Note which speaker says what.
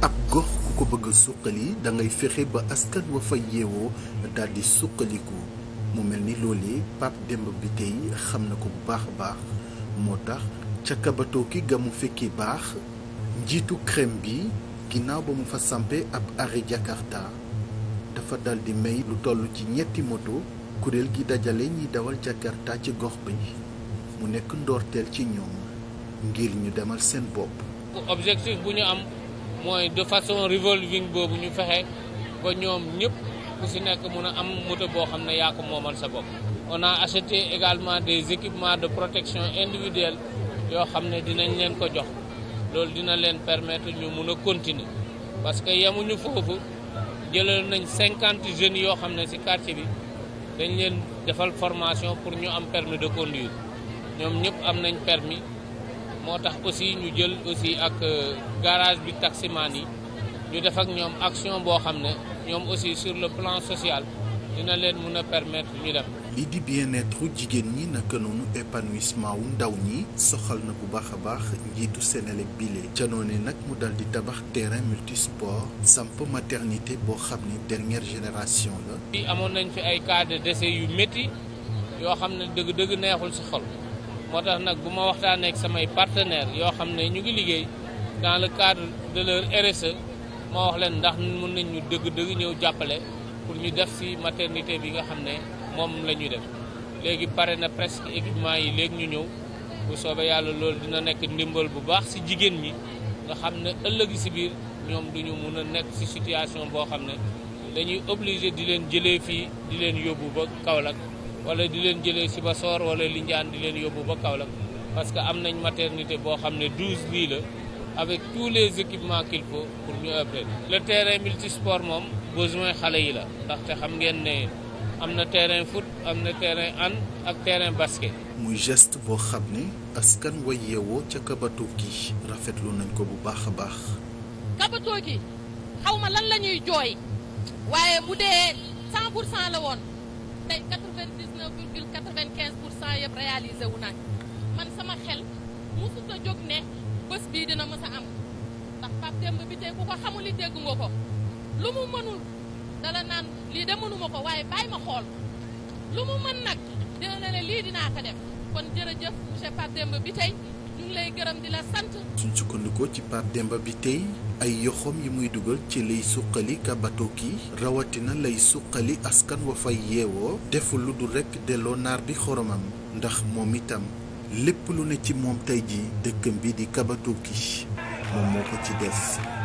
Speaker 1: ab gox ku ko bëgg suqali da ngay fexe ba askan wa fa yeewoo daal di suqaliku mu mel ni loolee Pape Demba Bitèye xam na ko bu baax baax moo tax ca Kabatoki ga mu fekkee baax njiitu crème bi ginnaaw ba mu fa sampe ab arrêt Jakarta dafa daldi may lu toll ci ñetti moto kuréel gi dajale ñuy dawal Jakarta ci gox bi mu nekk ndoorteel ci ñoom ngir ñu demal seen bopp.
Speaker 2: objectif bu ñu am. mooy de façon revolving boobu ñu fexe ba ñoom ñëpp ku si nekk mun a am moto boo xam ne yaa ko moomal sa bopp. on a acheté également des équipements de protection individuelle yoo xam ne dinañ leen ko jox loolu dina leen permettre ñu mun a continuer parce que yemuñu foofu jëlal nañ cinquante jeunes yoo xam ne si quartier bi dañ leen defal formation pour ñu am permis de conduire ñoom ñëpp am nañ permis. moo tax aussi ñu jël aussi ak euh, garage bi taximaan yi ñu def ak ñoom action boo xam ne ñoom aussi sur le plan social dina leen mën a permettre ñu dem.
Speaker 1: lii di bien-être jigéen ñi naka noonu épanouissement wu ndaw ñi soxal na bu baax a baax njiitu Senelec bile ca noonu nag mu dal di tabax terrain multisport samp maternité boo xam ne dernière génération
Speaker 2: amoon nañ fi ay cas de décès métti yoo xam ne dëgg-dëgg neexul ci xol. moo tax nag bu ma waxtaanee ak samay partenaires yoo xam ne ñu ngi liggéey dans le cadre de leur RSE ma wax leen ndax mën nañ ñu dëgg-dëgg ñëw jàppale pour ñu def ci maternité bi nga xam ne moom la ñuy def léegi pare na presque équipement yi léegi ñu ñëw bu soobee yàlla lool dina nekk ndimbal bu baax ci jigéen ñi nga xam ne ëllëg ci biir ñoom duñu mun a nekk ci situation boo xam ne dañuy obligé di leen jëlee fii di leen yóbbu ba Kaolack wala di leen jëlee Sibassor wala Lindiane di leen yóbbu ba Kaolack parce que am nañ maternité boo xam ne 12 lits la avec tous les équipements qu'il faut pour ñu ëppale le terrain multisport moom besoin xale yi la ndaxte xam ngeen ne am na terrain foot am na terrain hand ak terrain basket.
Speaker 1: muy gest boo xam ne askan wa yeewoo ca kabato gi rafetlu nañ ko bu baax a baax.
Speaker 3: kabato gi xaw lan la jooy waaye bu dee 100 pour cent la woon neuf virgule man sama xel mosut a jóg ne bés bii dina mës am ndax Pape Demba bi tey ku ko xamul li dégg nga ko lu mu mënul dala naan lii de mënuma ko waaye bàyyi ma xool lu mu mën nag dina lii dinaa ko def kon jërëjëf monsieur Pape Demba bi tey ñu lay gërëm di la sant.
Speaker 1: suñ sukkandikoo ci Pape Demba bi tey. ay yoxom yi muy dugal ci lay suqali kabatoki rawatina lay suqali askan wa fay yeewoo deful lu dul rekk delloo naar bi xoromam ndax moom itam
Speaker 2: lépp lu ne ci moom tey ji dëkkam bi di kabatoki moom moo ko ci def